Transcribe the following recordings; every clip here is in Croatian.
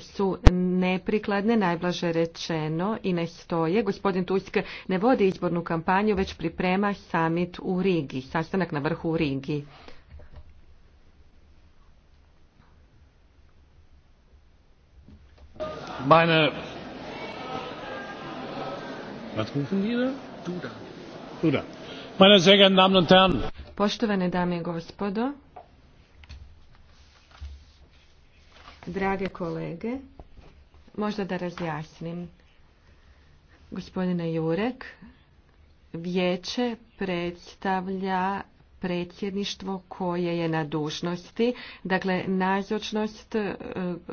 su neprikladne, najblaže rečeno, i ne stoje. Gospodin Tusk ne vodi izbornu kampanju, već priprema summit u Rigi, sastanak na vrhu u Rigi. Meine... Meine sehr geehrten Damen und Herren. Poštovane dame i gospodo, Drage kolege, možda da razjasnim. Gospodine Jurek, vijeće predstavlja predsjedništvo koje je na dužnosti. Dakle, nazočnost e,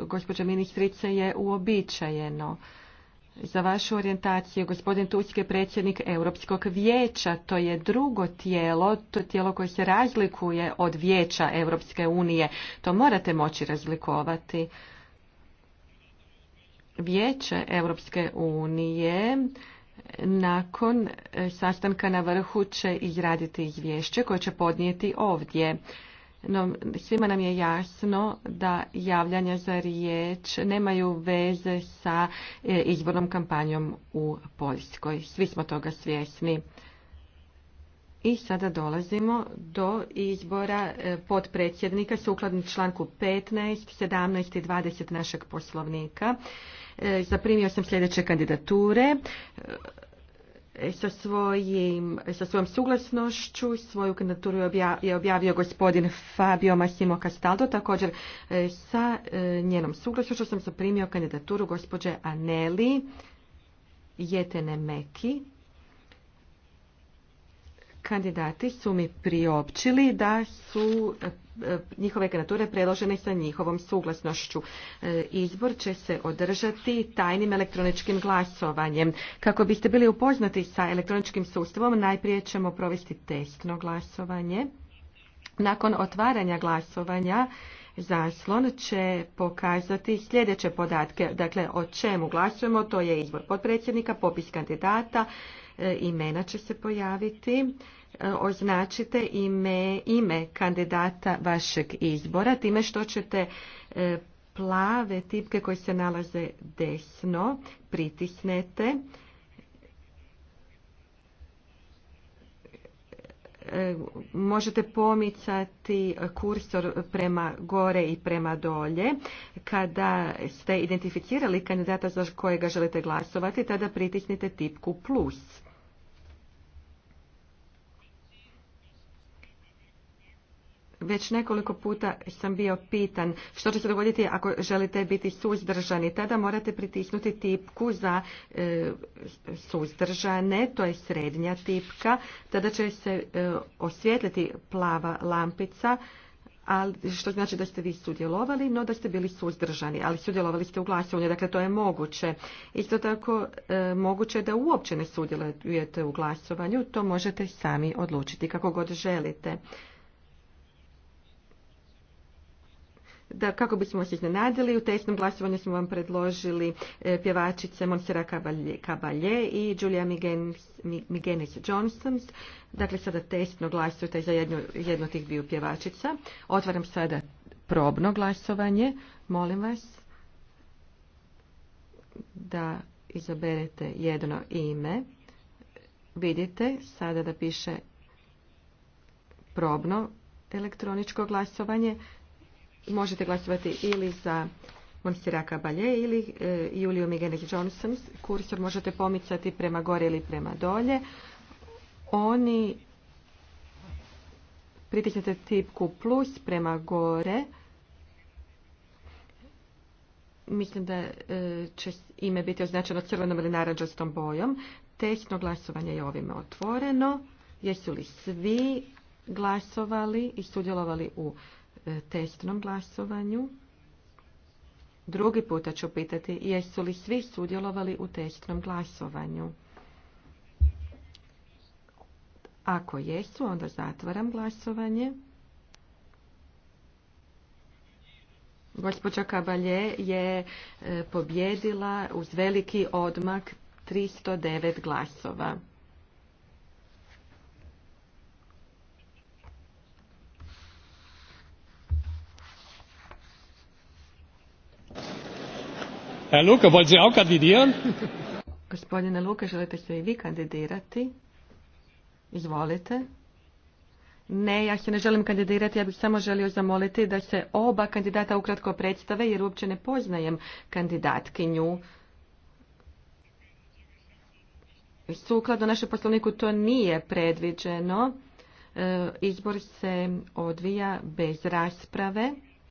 gospođa ministrice je uobičajeno za vašu orijentaciju. Gospodin Tusk je predsjednik Europskog vijeća. To je drugo tijelo, to tijelo koje se razlikuje od vijeća Europske unije. To morate moći razlikovati. Vijeće Europske unije nakon eh, sastanka na vrhu će izraditi izvješće koje će podnijeti ovdje. No, svima nam je jasno da javljanja za riječ nemaju veze sa e, izbornom kampanjom u Poljskoj. Svi smo toga svjesni. I sada dolazimo do izbora e, potpredsjednika sukladno članku 15, 17 i 20 našeg poslovnika. E, zaprimio sam sljedeće kandidature sa, svojim, sa svojom suglasnošću svoju kandidaturu je objavio gospodin Fabio Massimo Castaldo. Također e, sa e, njenom suglasnošću sam zaprimio kandidaturu gospođe Aneli Jetene Meki. Kandidati su mi priopćili da su e, e, njihove kandidature predložene sa njihovom suglasnošću. E, izbor će se održati tajnim elektroničkim glasovanjem. Kako biste bili upoznati sa elektroničkim sustavom, najprije ćemo provesti testno glasovanje. Nakon otvaranja glasovanja, zaslon će pokazati sljedeće podatke. Dakle, o čemu glasujemo, to je izbor potpredsjednika, popis kandidata, imena će se pojaviti. E, označite ime, ime kandidata vašeg izbora time što ćete e, plave tipke koje se nalaze desno pritisnete e, možete pomicati kursor prema gore i prema dolje. Kada ste identificirali kandidata za kojega želite glasovati, tada pritisnite tipku plus. Već nekoliko puta sam bio pitan što će se dogoditi ako želite biti suzdržani. Tada morate pritisnuti tipku za e, suzdržane, to je srednja tipka. Tada će se e, osvijetliti plava lampica, ali, što znači da ste vi sudjelovali, no da ste bili suzdržani, ali sudjelovali ste u glasovanju, dakle to je moguće. Isto tako e, moguće je da uopće ne sudjelujete u glasovanju, to možete sami odlučiti kako god želite. da kako bismo se iznenadili u testnom glasovanju smo vam predložili e, pjevačice Monsera Caballé i Julia migenis Johnsons. Dakle, sada testno glasujete za jednu, jednu tih dviju pjevačica. Otvaram sada probno glasovanje. Molim vas da izaberete jedno ime. Vidite sada da piše probno elektroničko glasovanje. Možete glasovati ili za Monsiraka Balje ili e, Juliju Migenek Johnson. Kursor možete pomicati prema gore ili prema dolje. Oni pritisnete tipku plus prema gore. Mislim da e, će ime biti označeno crvenom ili naranđastom bojom. Tehno glasovanje je ovime otvoreno. Jesu li svi glasovali i sudjelovali u e, testnom glasovanju. Drugi puta ću pitati jesu li svi sudjelovali u testnom glasovanju. Ako jesu, onda zatvaram glasovanje. Gospođa Kabalje je e, pobjedila uz veliki odmak 309 glasova. Herr Luke, wollen Sie Gospodine Luke, želite se i vi kandidirati? Izvolite. Ne, ja se ne želim kandidirati, ja bih samo želio zamoliti da se oba kandidata ukratko predstave jer uopće ne poznajem kandidatkinju. Sukladno našem poslovniku to nije predviđeno. E, izbor se odvija bez rasprave.